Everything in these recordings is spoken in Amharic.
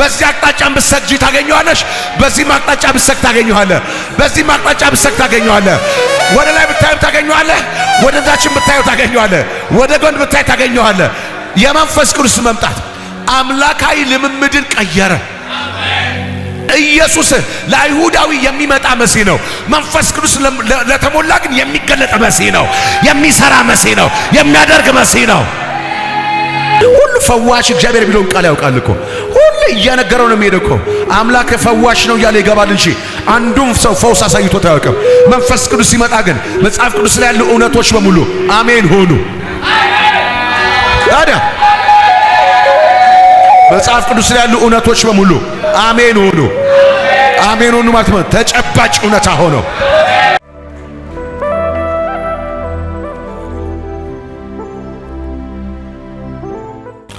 በዚህ አቅጣጫ ብትሰግጂ ታገኘዋለሽ። በዚህ አቅጣጫ ብትሰግ ታገኘዋለ። በዚህ አቅጣጫ ብትሰግ ታገኘዋለ። ወደ ላይ ብታዩ ታገኘዋለ። ወደ ታችን ብታዩ ታገኘዋለ። ወደ ጎን ብታይ ታገኘዋለ የመንፈስ ቅዱስ መምጣት አምላካዊ ልምምድን ቀየረ። ኢየሱስ ለአይሁዳዊ የሚመጣ መሲህ ነው። መንፈስ ቅዱስ ለተሞላ ግን የሚገለጥ መሲህ ነው። የሚሰራ መሲህ ነው። የሚያደርግ መሲህ ነው። ሁሉ ፈዋሽ እግዚአብሔር ቢሎን ቃል ያውቃል እኮ እያነገረው ነው የሚሄደው እኮ አምላክ ፈዋሽ ነው እያለ ይገባል እንጂ አንዱም ሰው ፈውስ አሳይቶት አያውቅም። መንፈስ ቅዱስ ሲመጣ ግን መጽሐፍ ቅዱስ ላይ ያሉ እውነቶች በሙሉ አሜን ሆኑ። ታዲያ መጽሐፍ ቅዱስ ላይ ያሉ እውነቶች በሙሉ አሜን ሆኑ። አሜን ሆኑ ማለት ነው ተጨባጭ እውነታ ሆነው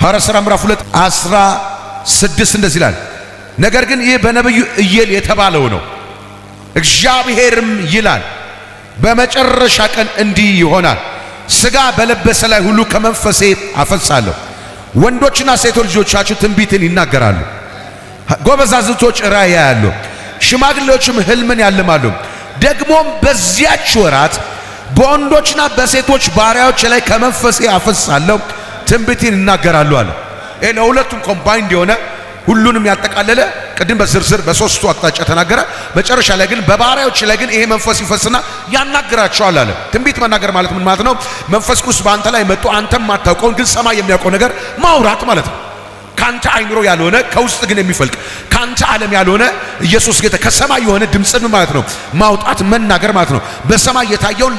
ሐዋርያት ሥራ ምዕራፍ ሁለት ስድስት እንደዚህ ይላል። ነገር ግን ይህ በነቢዩ እየል የተባለው ነው። እግዚአብሔርም ይላል በመጨረሻ ቀን እንዲህ ይሆናል፣ ሥጋ በለበሰ ላይ ሁሉ ከመንፈሴ አፈሳለሁ። ወንዶችና ሴቶች ልጆቻችሁ ትንቢትን ይናገራሉ፣ ጎበዛዝቶች ራእይ ያያሉ፣ ሽማግሌዎችም ሕልምን ያልማሉ። ደግሞም በዚያች ወራት በወንዶችና በሴቶች ባሪያዎች ላይ ከመንፈሴ አፈሳለሁ፣ ትንቢትን ይናገራሉ አለው። ይሄ ለሁለቱም ኮምባይንድ የሆነ ሁሉንም ያጠቃለለ ቅድም በዝርዝር በሶስቱ አቅጣጫ ተናገረ። መጨረሻ ላይ ግን በባሪያዎች ላይ ግን ይሄ መንፈስ ይፈስና ያናግራቸዋል አለ። ትንቢት መናገር ማለት ምን ማለት ነው? መንፈስ ቅዱስ በአንተ ላይ መጥቶ አንተም ማታውቀውን ግን ሰማይ የሚያውቀው ነገር ማውራት ማለት ነው። ካንተ አይምሮ ያልሆነ ከውስጥ ግን የሚፈልቅ ካንተ ዓለም ያልሆነ ኢየሱስ ጌታ ከሰማይ የሆነ ድምፅን ማለት ነው ማውጣት መናገር ማለት ነው። በሰማይ የታየውን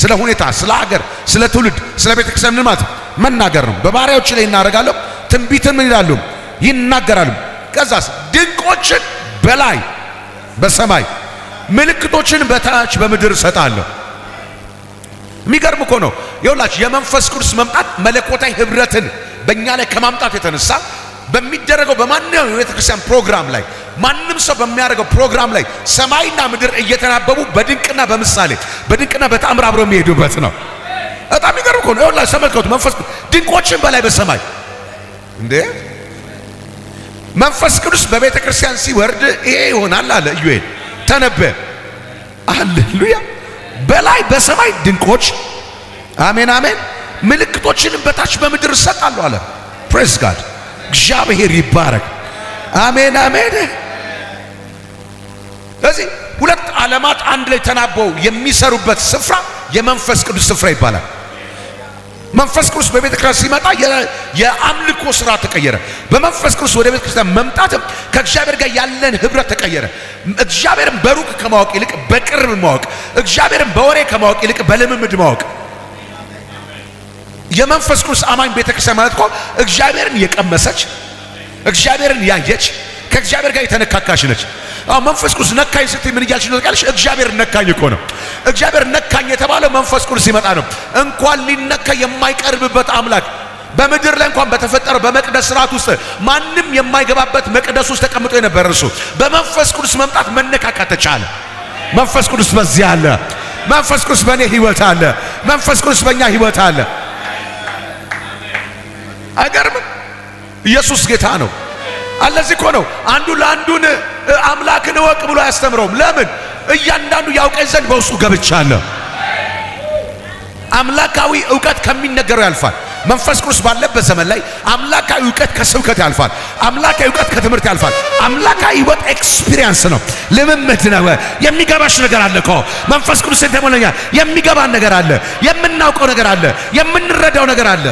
ስለ ሁኔታ፣ ስለ ሀገር፣ ስለ ትውልድ፣ ስለ ቤተክርስቲያን ማለት መናገር ነው። በባሪያዎች ላይ እናደርጋለሁ ትንቢትን ምን ይላሉ? ይናገራሉ። ከዛስ ድንቆችን በላይ በሰማይ ምልክቶችን በታች በምድር እሰጣለሁ። የሚገርም እኮ ነው። ይኸውላችሁ የመንፈስ ቅዱስ መምጣት መለኮታዊ ህብረትን በእኛ ላይ ከማምጣት የተነሳ በሚደረገው በማንኛውም የቤተ ክርስቲያን ፕሮግራም ላይ ማንም ሰው በሚያደርገው ፕሮግራም ላይ ሰማይና ምድር እየተናበቡ በድንቅና በምሳሌ በድንቅና በተአምር አብረው የሚሄዱበት ነው። በጣም የሚገርም እኮ ነው። ይኸውላችሁ ተመልከቱ፣ መንፈስ ድንቆችን በላይ በሰማይ እንዴ መንፈስ ቅዱስ በቤተ ክርስቲያን ሲወርድ ይሄ ይሆናል አለ ኢዩኤል ተነበ አሌሉያ በላይ በሰማይ ድንቆች አሜን አሜን ምልክቶችንም በታች በምድር እሰጣለሁ አለ። ፕሬስ ጋድ እግዚአብሔር ይባረክ። አሜን አሜን። ስለዚህ ሁለት ዓለማት አንድ ላይ ተናበው የሚሰሩበት ስፍራ የመንፈስ ቅዱስ ስፍራ ይባላል። መንፈስ ቅዱስ በቤተ ክርስቲያን ሲመጣ የአምልኮ ስራ ተቀየረ። በመንፈስ ቅዱስ ወደ ቤተ ክርስቲያን መምጣት ከእግዚአብሔር ጋር ያለን ህብረት ተቀየረ። እግዚአብሔርን በሩቅ ከማወቅ ይልቅ በቅርብ ማወቅ፣ እግዚአብሔርን በወሬ ከማወቅ ይልቅ በልምምድ ማወቅ። የመንፈስ ቅዱስ አማኝ ቤተ ክርስቲያን ማለት እኮ እግዚአብሔርን የቀመሰች፣ እግዚአብሔርን ያየች፣ ከእግዚአብሔር ጋር የተነካካች ነች። አዎ መንፈስ ቅዱስ ነካኝ ስትይ ምን እያልሽ ነው ታውቂያለሽ? እግዚአብሔር ነካኝ እኮ ነው። እግዚአብሔር ነካኝ የተባለው መንፈስ ቅዱስ ሲመጣ ነው። እንኳን ሊነካ የማይቀርብበት አምላክ በምድር ላይ እንኳን በተፈጠረው በመቅደስ ስርዓት ውስጥ ማንም የማይገባበት መቅደስ ውስጥ ተቀምጦ የነበረ እርሱ በመንፈስ ቅዱስ መምጣት መነካካት ተቻለ። መንፈስ ቅዱስ በዚህ አለ። መንፈስ ቅዱስ በእኔ ህይወት አለ። መንፈስ ቅዱስ በእኛ ህይወት አለ። አይገርም? ኢየሱስ ጌታ ነው። አለዚህ እኮ ነው አንዱ ለአንዱን አምላክን እወቅ ብሎ አያስተምረውም። ለምን እያንዳንዱ ያውቀኝ ዘንድ በውስጡ ገብቻለሁ። አምላካዊ እውቀት ከሚነገረው ያልፋል። መንፈስ ቅዱስ ባለበት ዘመን ላይ አምላካዊ እውቀት ከስብከት ያልፋል። አምላካዊ እውቀት ከትምህርት ያልፋል። አምላካዊ ህይወት ኤክስፒሪየንስ ነው፣ ልምምድ ነው። የሚገባሽ ነገር አለ እኮ መንፈስ ቅዱስ የተሞላኛ የሚገባን ነገር አለ፣ የምናውቀው ነገር አለ፣ የምንረዳው ነገር አለ።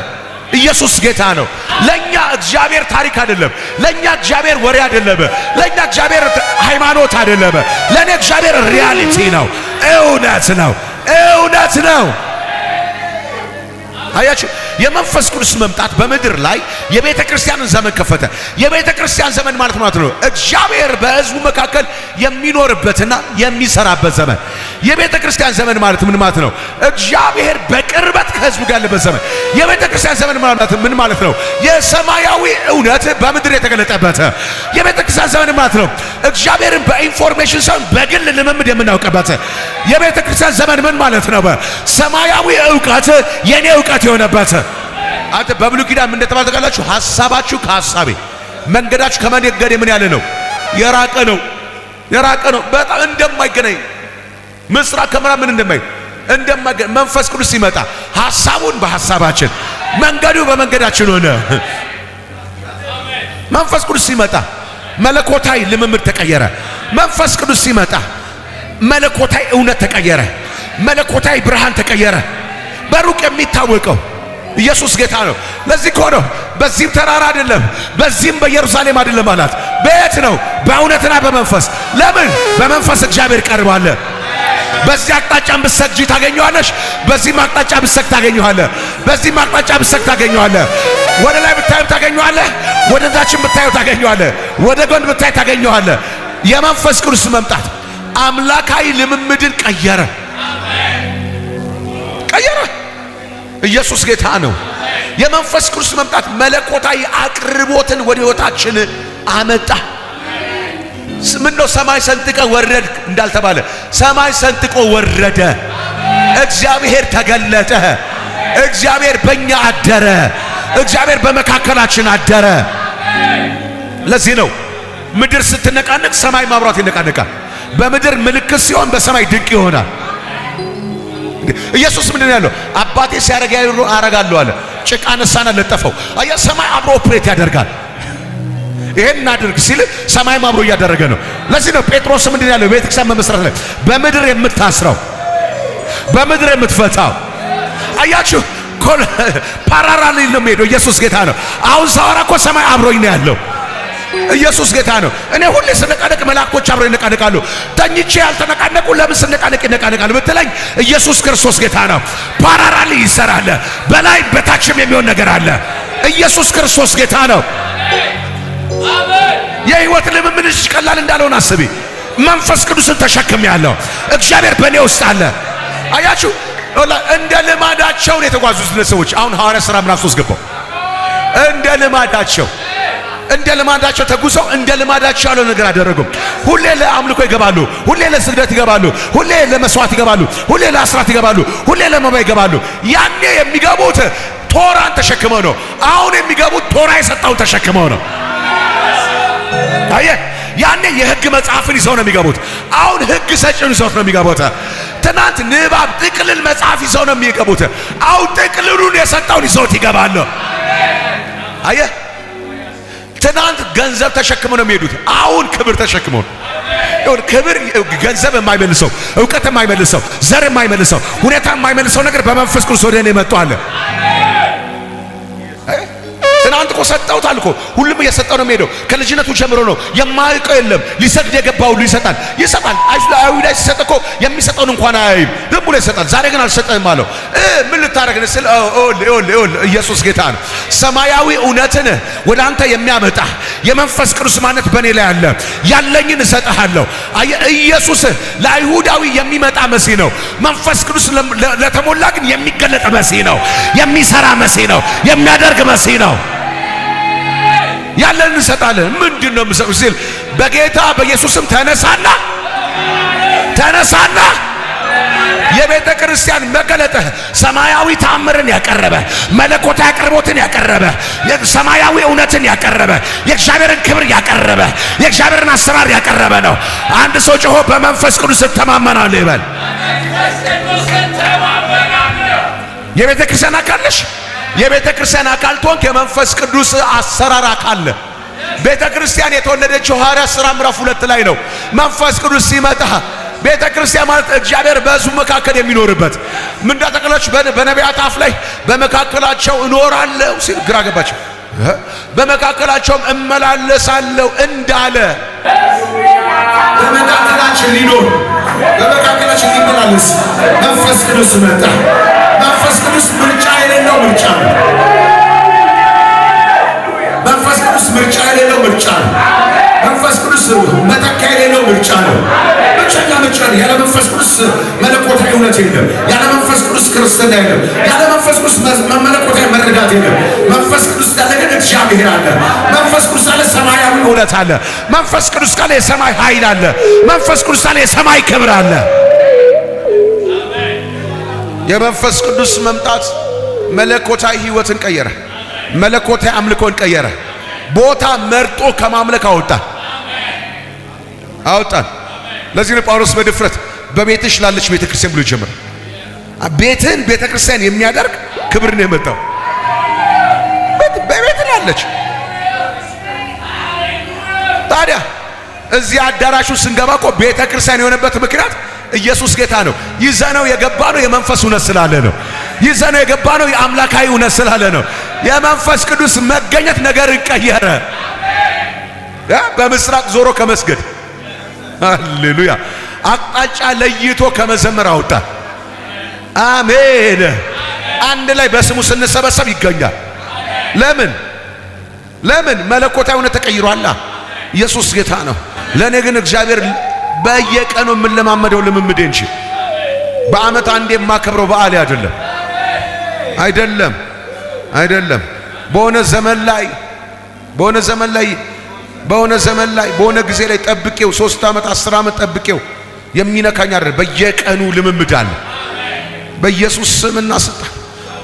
ኢየሱስ ጌታ ነው። ለኛ እግዚአብሔር ታሪክ አይደለም። ለኛ እግዚአብሔር ወሬ አይደለም። ለኛ እግዚአብሔር ሃይማኖት አይደለም። ለኔ እግዚአብሔር ሪያሊቲ ነው፣ እውነት ነው፣ እውነት ነው። አያችሁ፣ የመንፈስ ቅዱስ መምጣት በምድር ላይ የቤተ ክርስቲያንን ዘመን ከፈተ። የቤተ ክርስቲያን ዘመን ማለት ማለት ነው እግዚአብሔር በሕዝቡ መካከል የሚኖርበትና የሚሰራበት ዘመን የቤተ ክርስቲያን ዘመን ማለት ምን ማለት ነው? እግዚአብሔር በቅርበት ከህዝቡ ጋር ያለበት ዘመን። የቤተ ክርስቲያን ዘመን ማለት ምን ማለት ነው? የሰማያዊ እውነት በምድር የተገለጠበት የቤተ ክርስቲያን ዘመን ማለት ነው። እግዚአብሔርን በኢንፎርሜሽን ሳይሆን በግል ልምምድ የምናውቀበት የቤተ ክርስቲያን ዘመን ምን ማለት ነው? ሰማያዊ እውቀት የኔ እውቀት የሆነበት አንተ በብሉይ ኪዳን ምን እንደተባለ ታውቃላችሁ? ሐሳባችሁ ከሐሳቤ መንገዳችሁ ከመንገዴ ምን ያለ ነው? የራቀ ነው የራቀ ነው። በጣም እንደማይገናኝ ምስራቅ ከምዕራብ ምን እንደማይ እንደማገ መንፈስ ቅዱስ ሲመጣ ሐሳቡን በሐሳባችን መንገዱ በመንገዳችን ሆነ። መንፈስ ቅዱስ ሲመጣ መለኮታዊ ልምምድ ተቀየረ። መንፈስ ቅዱስ ሲመጣ መለኮታዊ እውነት ተቀየረ። መለኮታዊ ብርሃን ተቀየረ። በሩቅ የሚታወቀው ኢየሱስ ጌታ ነው። ለዚህ ከሆነ በዚህም ተራራ አይደለም፣ በዚህም በኢየሩሳሌም አይደለም አላት። በየት ነው? በእውነትና በመንፈስ ለምን? በመንፈስ እግዚአብሔር ቀርባለ በዚህ አቅጣጫ ብትሰግጂ ታገኘዋለሽ። በዚህ አቅጣጫ ብትሰግ ታገኘዋለ። በዚህ አቅጣጫ ብትሰግ ታገኘዋለ። ወደ ላይ ብታዩ ታገኘዋለ። ወደ ታችን ብታዩ ታገኘዋለ። ወደ ጎን ብታይ ታገኘዋለ። የመንፈስ ቅዱስ መምጣት አምላካዊ ልምምድን ቀየረ ቀየረ። ኢየሱስ ጌታ ነው። የመንፈስ ቅዱስ መምጣት መለኮታዊ አቅርቦትን ወደ ሕይወታችን አመጣ። ምነው ሰማይ ሰንጥቀ ወረድክ እንዳልተባለ ሰማይ ሰንጥቆ ወረደ። እግዚአብሔር ተገለጠ። እግዚአብሔር በእኛ አደረ። እግዚአብሔር በመካከላችን አደረ። ለዚህ ነው ምድር ስትነቃነቅ ሰማይ ማብራት ይነቃነቃል። በምድር ምልክት ሲሆን በሰማይ ድንቅ ይሆናል። ኢየሱስ ምንድን ያለው? አባቴ ሲያረጋ ያሉ አረጋለሁ አለ። ጭቃ ነሳና ለጠፈው። አያ ሰማይ አብሮ ኦፕሬት ያደርጋል። ይሄን እናድርግ ሲል ሰማይም አብሮ እያደረገ ነው። ለዚህ ነው ጴጥሮስ ምንድን ያለው ቤተ ክርስቲያን መመስረት ላይ በምድር የምታስረው በምድር የምትፈታው አያችሁ፣ ኮል ፓራራ ላይ ነው የሚሄደው። ኢየሱስ ጌታ ነው። አሁን ሳወራ እኮ ሰማይ አብሮኝ ነው ያለው። ኢየሱስ ጌታ ነው። እኔ ሁሌ ስነቃነቅ መላእክቶች አብሮ ይነቃነቃሉ። ተኝቼ ያልተነቃነቁ ለምን ስነቃነቅ ይነቃነቃሉ ብትለኝ ኢየሱስ ክርስቶስ ጌታ ነው። ፓራራሊ ይሰራል። በላይ በታችም የሚሆን ነገር አለ። ኢየሱስ ክርስቶስ ጌታ ነው። የህይወት ልምምድሽ ቀላል እንዳልሆነ አስቢ። መንፈስ ቅዱስን ተሸክም ያለው እግዚአብሔር በእኔ ውስጥ አለ። አያችሁ፣ እንደ ልማዳቸውን የተጓዙት ሰዎች አሁን ሐዋርያ ሥራ ምዕራፍ ሶስት ገባው። እንደ ልማዳቸው እንደ ልማዳቸው ተጉዘው እንደ ልማዳቸው ያለው ነገር አደረጉም። ሁሌ ለአምልኮ ይገባሉ፣ ሁሌ ለስግደት ይገባሉ፣ ሁሌ ለመስዋዕት ይገባሉ፣ ሁሌ ለአስራት ይገባሉ፣ ሁሌ ለመባ ይገባሉ። ያኔ የሚገቡት ቶራን ተሸክመው ነው። አሁን የሚገቡት ቶራ የሰጣውን ተሸክመው ነው። አየ ያኔ የህግ መጽሐፍን ይዘው ነው የሚገቡት። አሁን ህግ ሰጭን ይዘውት ነው የሚገቡት። ትናንት ንባብ ጥቅልል መጽሐፍ ይዘው ነው የሚገቡት። አሁን ጥቅልሉን የሰጠውን ይዘውት ይገባሉ። አየ ትናንት ገንዘብ ተሸክመው ነው የሚሄዱት። አሁን ክብር ተሸክመው ይሁን ክብር ገንዘብ የማይመልሰው እውቀት የማይመልሰው ዘር የማይመልሰው ሁኔታ የማይመልሰው ነገር በመንፈስ ቅዱስ ወደ እኔ መጥቷል። እኮ ሰጠሁት አልኮ። ሁሉም እየሰጠ ነው የሚሄደው። ከልጅነቱ ጀምሮ ነው የማያውቀው የለም። ሊሰግድ የገባ ሁሉ ይሰጣል፣ ይሰጣል። አይሁዳ ሲሰጥ እኮ የሚሰጠውን እንኳን አያይም፣ ዝም ብሎ ይሰጣል። ዛሬ ግን አልሰጠህም አለው። ምን ልታደረግ ስል ኢየሱስ ጌታ ነው። ሰማያዊ እውነትን ወደ አንተ የሚያመጣ የመንፈስ ቅዱስ ማነት በእኔ ላይ አለ፣ ያለኝን እሰጥሃለሁ። ኢየሱስ ለአይሁዳዊ የሚመጣ መሲህ ነው። መንፈስ ቅዱስ ለተሞላ ግን የሚገለጥ መሲህ ነው። የሚሰራ መሲህ ነው። የሚያደርግ መሲህ ነው። ያለን እንሰጣለን። ምንድን ነው የምሰጥ ሲል በጌታ በኢየሱስም ተነሳና ተነሳና የቤተ ክርስቲያን መገለጠ ሰማያዊ ታምርን ያቀረበ መለኮታዊ አቅርቦትን ያቀረበ ሰማያዊ እውነትን ያቀረበ የእግዚአብሔርን ክብር ያቀረበ የእግዚአብሔርን አሰራር ያቀረበ ነው። አንድ ሰው ጮሆ በመንፈስ ቅዱስ እተማመናለሁ ይበል። የቤተ ክርስቲያን አካልሽ የቤተ ክርስቲያን አካል ትሆንክ። የመንፈስ ቅዱስ አሰራር አካል ቤተ ክርስቲያን የተወለደችው ሐዋርያ ሥራ ምዕራፍ ሁለት ላይ ነው። መንፈስ ቅዱስ ሲመጣ ቤተ ክርስቲያን ማለት እግዚአብሔር በሕዝቡ መካከል የሚኖርበት ምን እንዳጠቀለች በነቢያት አፍ ላይ በመካከላቸው እኖራለሁ ሲል ግራ ገባቸው። በመካከላቸውም እመላለሳለሁ እንዳለ በመካከላችን ሊኖር በመካከላችን ሊመላለስ መንፈስ ቅዱስ መጣ። ቅዱስ ምርጫ የሌለው ምርጫ ነው። መንፈስ ቅዱስ ምርጫ የሌለው ምርጫ ነው። መንፈስ ቅዱስ መተካ የሌለው ምርጫ ነው። ብቸኛ ምርጫ ነው። ያለ መንፈስ ቅዱስ መለኮታዊ እውነት የለም። ያለ መንፈስ ቅዱስ ክርስትና የለም። ያለ መንፈስ ቅዱስ መለኮታዊ መረዳት የለም። መንፈስ ቅዱስ ካለ ግን እግዚአብሔር አለ። መንፈስ ቅዱስ ካለ ሰማያዊ እውነት አለ። መንፈስ ቅዱስ ካለ የሰማይ ኃይል አለ። መንፈስ ቅዱስ ካለ የሰማይ ክብር አለ። የመንፈስ ቅዱስ መምጣት መለኮታዊ ህይወትን ቀየረ። መለኮታዊ አምልኮን ቀየረ። ቦታ መርጦ ከማምለክ አወጣ አወጣን። ለዚህ ነው ጳውሎስ በድፍረት በቤትሽ ላለች ቤተ ክርስቲያን ብሎ ጀመረ። ቤትህን ቤተ ክርስቲያን የሚያደርግ ክብር ነው የመጣው። በቤት ላለች ታዲያ እዚህ አዳራሹ ስንገባ እኮ ቤተ ክርስቲያን የሆነበት ምክንያት ኢየሱስ ጌታ ነው። ይዘነው የገባ ነው የመንፈስ እውነት ስላለ ነው። ይዘነው የገባ ነው የአምላካዊ እውነት ስላለ ነው። የመንፈስ ቅዱስ መገኘት ነገር ይቀየረ። በምስራቅ ዞሮ ከመስገድ ሃሌሉያ፣ አቅጣጫ ለይቶ ከመዘመር አውጣ። አሜን። አንድ ላይ በስሙ ስንሰበሰብ ይገኛል። ለምን ለምን? መለኮታዊ እውነት ተቀይሯላ። ኢየሱስ ጌታ ነው። ለእኔ ግን እግዚአብሔር በየቀኑ የምንለማመደው ልምምድ እንጂ በዓመት አንዴ የማከብረው በዓል አይደለም፣ አይደለም፣ አይደለም። በሆነ ዘመን ላይ በሆነ ዘመን ላይ በሆነ ዘመን ላይ በሆነ ጊዜ ላይ ጠብቄው ሶስት ዓመት አስር ዓመት ጠብቄው የሚነካኝ አይደለም። በየቀኑ ልምምድ አለ። በኢየሱስ ስምና ስልጣን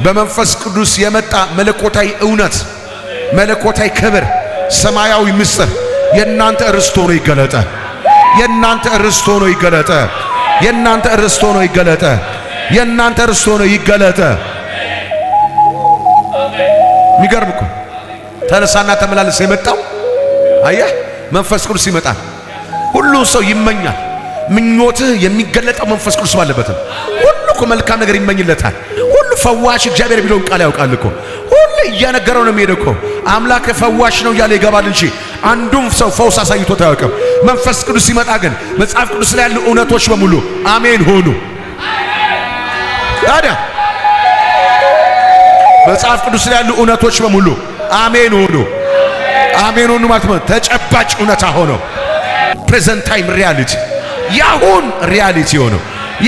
በመንፈስ ቅዱስ የመጣ መለኮታዊ እውነት፣ መለኮታዊ ክብር፣ ሰማያዊ ምስጢር የእናንተ ርስቶ ሆኖ ይገለጣል። የእናንተ ርስት ሆኖ ይገለጠ። የእናንተ ርስት ሆኖ ይገለጠ። የእናንተ ርስት ሆኖ ይገለጠ። የሚገርም እኮ ተነሳና ተመላለስ የመጣው አያ መንፈስ ቅዱስ ይመጣል። ሁሉ ሰው ይመኛል። ምኞትህ የሚገለጠው መንፈስ ቅዱስ ባለበት ሁሉ እኮ መልካም ነገር ይመኝለታል። ፈዋሽ እግዚአብሔር የሚለውን ቃል ያውቃል እኮ ሁሌ እያነገረው ነው የሚሄድ እኮ አምላክ ፈዋሽ ነው እያለ ይገባል እንጂ አንዱም ሰው ፈውስ አሳይቶት አያውቅም። መንፈስ ቅዱስ ሲመጣ ግን መጽሐፍ ቅዱስ ላይ ያሉ እውነቶች በሙሉ አሜን ሆኑ። ታዲያ መጽሐፍ ቅዱስ ላይ ያሉ እውነቶች በሙሉ አሜን ሆኑ። አሜን ሆኑ ማለት ነው ተጨባጭ እውነታ ሆኖ ፕሬዘንት ታይም ሪያሊቲ፣ ያሁን ሪያሊቲ ሆኖ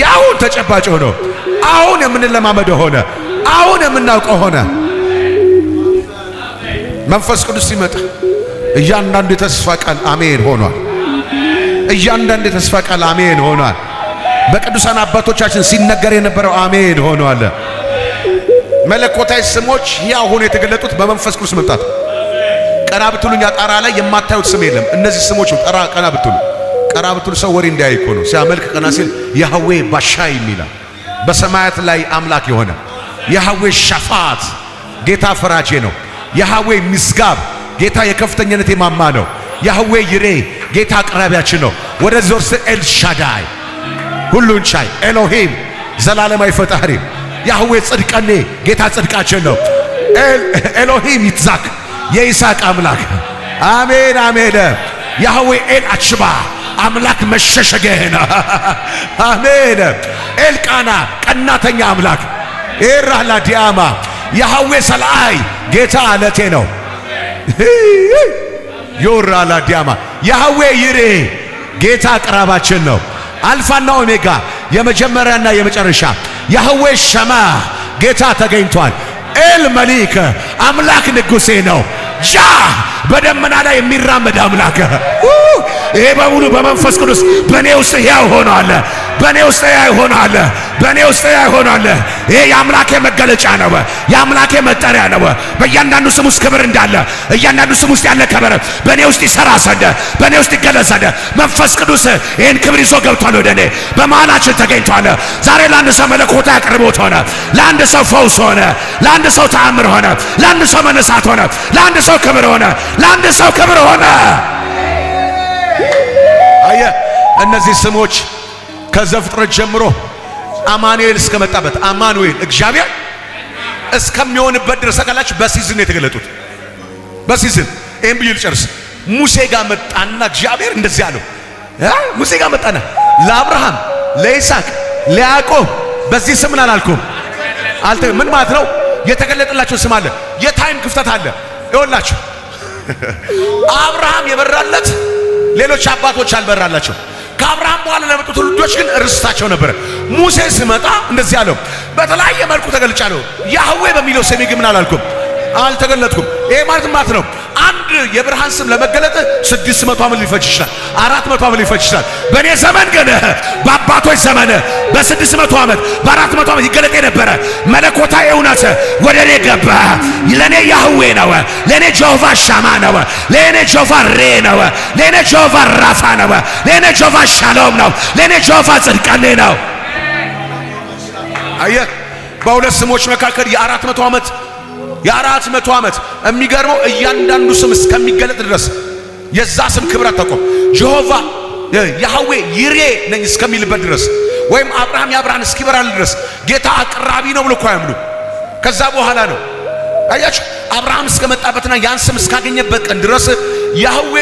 ያሁን ተጨባጭ ሆኖ አሁን የምንለማመደ ሆነ። አሁን የምናውቀው ሆነ። መንፈስ ቅዱስ ሲመጣ እያንዳንዱ የተስፋ ቃል አሜን ሆኗል። እያንዳንዱ የተስፋ ቃል አሜን ሆኗል። በቅዱሳን አባቶቻችን ሲነገር የነበረው አሜን ሆኗል። መለኮታዊ ስሞች ያው ሆኖ የተገለጡት በመንፈስ ቅዱስ መምጣት። ቀና ብትሉኛ ጣራ ላይ የማታዩት ስም የለም። እነዚህ ስሞች ጠራ ቀና ብትሉ ቀና ብትሉ ሰው ወሬ እንዳያይ እኮ ነው። ሲያመልክ ቀና ሲል ያህዌ ባሻይ የሚላል በሰማያት ላይ አምላክ የሆነ የሐዌ ሻፋት ጌታ ፈራጄ ነው። የሐዌ ሚስጋብ ጌታ የከፍተኛነት የማማ ነው። የሐዌ ይሬ ጌታ አቅራቢያችን ነው። ወደ ዞርስ ኤልሻዳይ ሁሉን ቻይ ኤሎሂም ዘላለማዊ ፈጣሪ ያህዌ ጽድቀኔ ጌታ ጽድቃችን ነው። ኤሎሂም ይትዛክ የይስሐቅ አምላክ አሜን አሜን። ያህዌ ኤል አችባ አምላክ መሸሸጊያዬ አሜን። ኤልቃና ቀናተኛ አምላክ ኤራላ ዲያማ የሐዌ ሰልአይ ጌታ አለቴ ነው። ዮራላ ዲያማ የሐዌ ይሬ ጌታ አቅራባችን ነው። አልፋና ኦሜጋ የመጀመሪያና የመጨረሻ የሐዌ ሸማ ጌታ ተገኝቷል። ኤል መሊክ አምላክ ንጉሴ ነው። ጃ በደመና ላይ የሚራመድ አምላክ ይሄ በሙሉ በመንፈስ ቅዱስ በእኔ ውስጥ ያው ሆኖ በኔ ውስጥ ያ ይሆናል፣ በኔ ውስጥ ያ ይሆናል። ይሄ የአምላኬ መገለጫ ነው፣ የአምላኬ መጠሪያ ነው። በእያንዳንዱ ስም ውስጥ ክብር እንዳለ እያንዳንዱ ስም ውስጥ ያለ ክብር በኔ ውስጥ ይሰራ ዘንድ በኔ ውስጥ ይገለጽ ዘንድ መንፈስ ቅዱስ ይህን ክብር ይዞ ገብቷል፣ ወደ እኔ በመሃላችን ተገኝቷል። ዛሬ ለአንድ ሰው መለኮታ ያቀርቦት ሆነ፣ ለአንድ ሰው ፈውስ ሆነ፣ ለአንድ ሰው ተአምር ሆነ፣ ለአንድ ሰው መነሳት ሆነ፣ ለአንድ ሰው ክብር ሆነ፣ ለአንድ ሰው ክብር ሆነ። አየ እነዚህ ስሞች ከዘፍጥረት ጀምሮ አማኑኤል እስከመጣበት አማኑኤል እግዚአብሔር እስከሚሆንበት ድረስ አካላችሁ በሲዝን የተገለጡት። በሲዝን ይህም ብዬ ልጨርስ። ሙሴ ጋር መጣና እግዚአብሔር እንደዚህ አለው። ሙሴ ጋር መጣና ለአብርሃም፣ ለይስሐቅ፣ ለያዕቆብ በዚህ ስም ምን አላልኩም አልተ ምን ማለት ነው? የተገለጠላቸው ስም አለ። የታይም ክፍተት አለ። ይወላችሁ አብርሃም የበራለት ሌሎች አባቶች አልበራላቸው ከአብርሃም በኋላ ለመጡት ትውልዶች ግን ርስታቸው ነበር ሙሴ ሲመጣ እንደዚህ አለው፣ በተለያየ መልኩ ተገልጫለሁ። ያህዌ በሚለው ስሜ ግን ምን አላልኩም፣ አልተገለጥኩም። ይሄ ማለት ማት ነው አንድ የብርሃን ስም ለመገለጥ ስድስት መቶ ዓመት ሊፈጅ ይችላል፣ አራት መቶ ዓመት ሊፈጅ ይችላል። በእኔ ዘመን ግን በአባቶች ዘመን በስድስት መቶ ዓመት በአራት መቶ ዓመት ይገለጥ የነበረ መለኮታዊ እውነት ወደ እኔ ገባ። ለእኔ ያህዌ ነው፣ ለእኔ ጆቫ ሻማ ነው፣ ለእኔ ጆቫ ሬ ነው፣ ለእኔ ጆቫ ራፋ ነው፣ ለእኔ ጆቫ ሻሎም ነው፣ ለእኔ ጆቫ ጽድቃኔ ነው። አየ በሁለት ስሞች መካከል የአራት መቶ ዓመት የአራት መቶ ዓመት የሚገርመው እያንዳንዱ ስም እስከሚገለጥ ድረስ የዛ ስም ክብረት ተቆ ጀሆቫ ያህዌ ይሬ ነኝ እስከሚልበት ድረስ ወይም አብርሃም የአብርሃን እስኪበራል ድረስ ጌታ አቅራቢ ነው ብሎ እኮ አያምኑ። ከዛ በኋላ ነው አያችሁ አብርሃም እስከመጣበትና ያን ስም እስካገኘበት ቀን ድረስ ያህዌ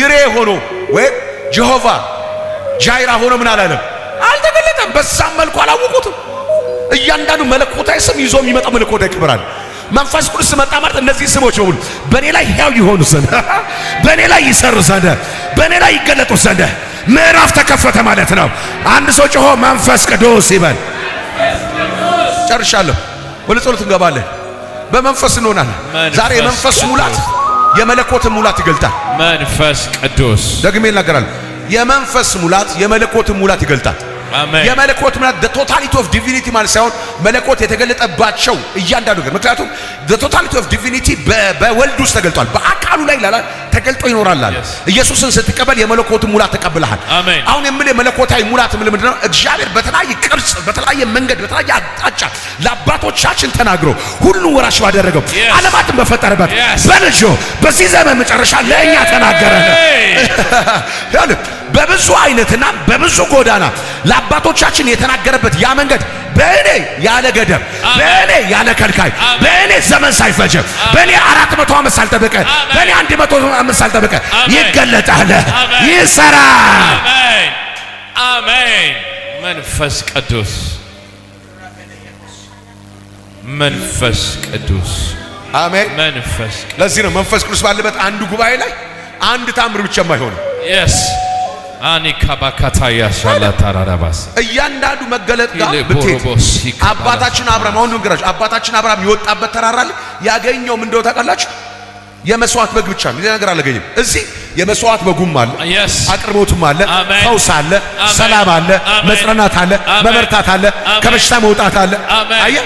ይሬ ሆኖ ወይም ጀሆቫ ጃይራ ሆኖ ምን አላለም አልተገለጠም። በዛም መልኩ አላወቁትም። እያንዳንዱ መለኮታዊ ስም ይዞ የሚመጣው መለኮታዊ ክብር አለ። መንፈስ ቅዱስ መጣ ማለት እነዚህ ስሞች በሙሉ በእኔ ላይ ሕያው ይሆኑ ዘንድ፣ በእኔ ላይ ይሰሩ ዘንድ፣ በእኔ ላይ ይገለጡ ዘንድ ምዕራፍ ተከፈተ ማለት ነው። አንድ ሰው ጮሆ መንፈስ ቅዱስ ይበል። ጨርሻለሁ። ወደ ጸሎት እንገባለን። በመንፈስ እንሆናለን። ዛሬ የመንፈስ ሙላት የመለኮትን ሙላት ይገልጣል። መንፈስ ቅዱስ ደግሜ እናገራለሁ። የመንፈስ ሙላት የመለኮትን ሙላት ይገልጣል። የመለኮት ምናት ቶታሊቲ ኦፍ ዲቪኒቲ ማለት ሳይሆን መለኮት የተገለጠባቸው እያንዳንዱ ነገር ምክንያቱም ቶታሊቲ ኦፍ ዲቪኒቲ በወልድ ውስጥ ተገልጧል፣ በአካሉ ላይ ላላ ተገልጦ ይኖራል። ኢየሱስን ስትቀበል የመለኮትን ሙላት ተቀብለሃል። አሁን የምልህ መለኮታዊ ሙላት የምልህ ምንድነው? እግዚአብሔር በተለያየ ቅርጽ፣ በተለያየ መንገድ፣ በተለያየ አቅጣጫ ለአባቶቻችን ተናግሮ ሁሉን ወራሽ ባደረገው ዓለማትን በፈጠረበት በልጆ በዚህ ዘመን መጨረሻ ለእኛ ተናገረ። በብዙ አይነትና በብዙ ጎዳና ለአባቶቻችን የተናገረበት ያ መንገድ በእኔ ያለ ገደብ፣ በእኔ ያለ ከልካይ፣ በእኔ ዘመን ሳይፈጀ፣ በእኔ አራት መቶ ዓመት ሳልጠበቀ፣ በእኔ አንድ መቶ ዓመት ሳልጠበቀ ይገለጣል፣ ይሰራል። አሜን። መንፈስ ቅዱስ መንፈስ ቅዱስ አሜን። መንፈስ ለዚህ ነው መንፈስ ቅዱስ ባለበት አንዱ ጉባኤ ላይ አንድ ታምር ብቻ የማይሆነው አኒ ካባካታ ታራራባስ እያንዳንዱ መገለጥ ጋር ብትሄድ አባታችን አብርሃም አሁን ንገራችሁ፣ አባታችን አብርሃም የወጣበት ተራራ ላይ ያገኘው ምንድነው እንደው ታውቃላችሁ? የመስዋዕት በግ ብቻ ነው። ነገር አላገኘም። እዚህ የመስዋዕት በጉም አለ፣ አቅርቦትም አለ፣ ፈውስ አለ፣ ሰላም አለ፣ መጽናናት አለ፣ መበርታት አለ፣ ከበሽታ መውጣት አለ። አያ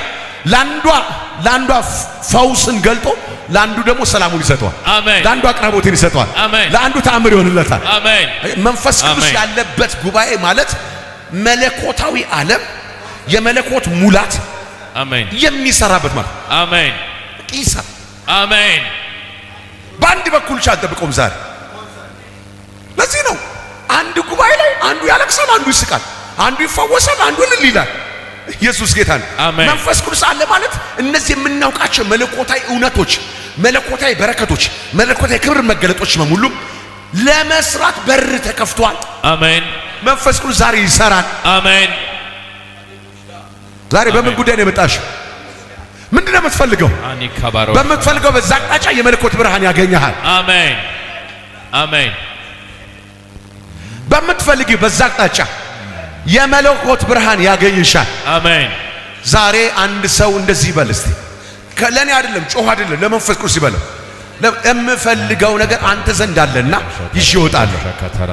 ለአንዷ ለአንዷ ፈውስን ገልጦ ለአንዱ ደግሞ ሰላሙን ይሰጠዋል። አሜን። ለአንዱ አቅራቦትን ይሰጠዋል። አሜን። ለአንዱ ተአምር ይሆንለታል። አሜን። መንፈስ ቅዱስ ያለበት ጉባኤ ማለት መለኮታዊ ዓለም የመለኮት ሙላት አሜን የሚሰራበት ማለት አሜን። ቂሳ አሜን። በአንድ በኩል ቻ አልጠብቀውም ዛሬ። ለዚህ ነው አንድ ጉባኤ ላይ አንዱ ያለቅሳል፣ አንዱ ይስቃል፣ አንዱ ይፈወሳል፣ አንዱ እልል ይላል። ኢየሱስ ጌታ ነው። መንፈስ ቅዱስ አለ ማለት እነዚህ የምናውቃቸው መለኮታዊ እውነቶች፣ መለኮታዊ በረከቶች፣ መለኮታዊ ክብር መገለጦች በሙሉ ለመስራት በር ተከፍቷል። አሜን። መንፈስ ቅዱስ ዛሬ ይሰራል። አሜን። ዛሬ በምን ጉዳይ ነው የመጣሽው? ምንድን ነው የምትፈልገው? በምትፈልገው በዛ አቅጣጫ የመለኮት ብርሃን ያገኘሃል። አሜን። አሜን። በምትፈልጊው በዛ አቅጣጫ የመለኮት ብርሃን ያገኝሻል። አሜን። ዛሬ አንድ ሰው እንደዚህ ይበል እስቲ። ለእኔ አይደለም ጮህ አይደለም፣ ለመንፈስ ቅዱስ ይበለው። የምፈልገው ነገር አንተ ዘንድ አለና ይዤ እወጣለሁ።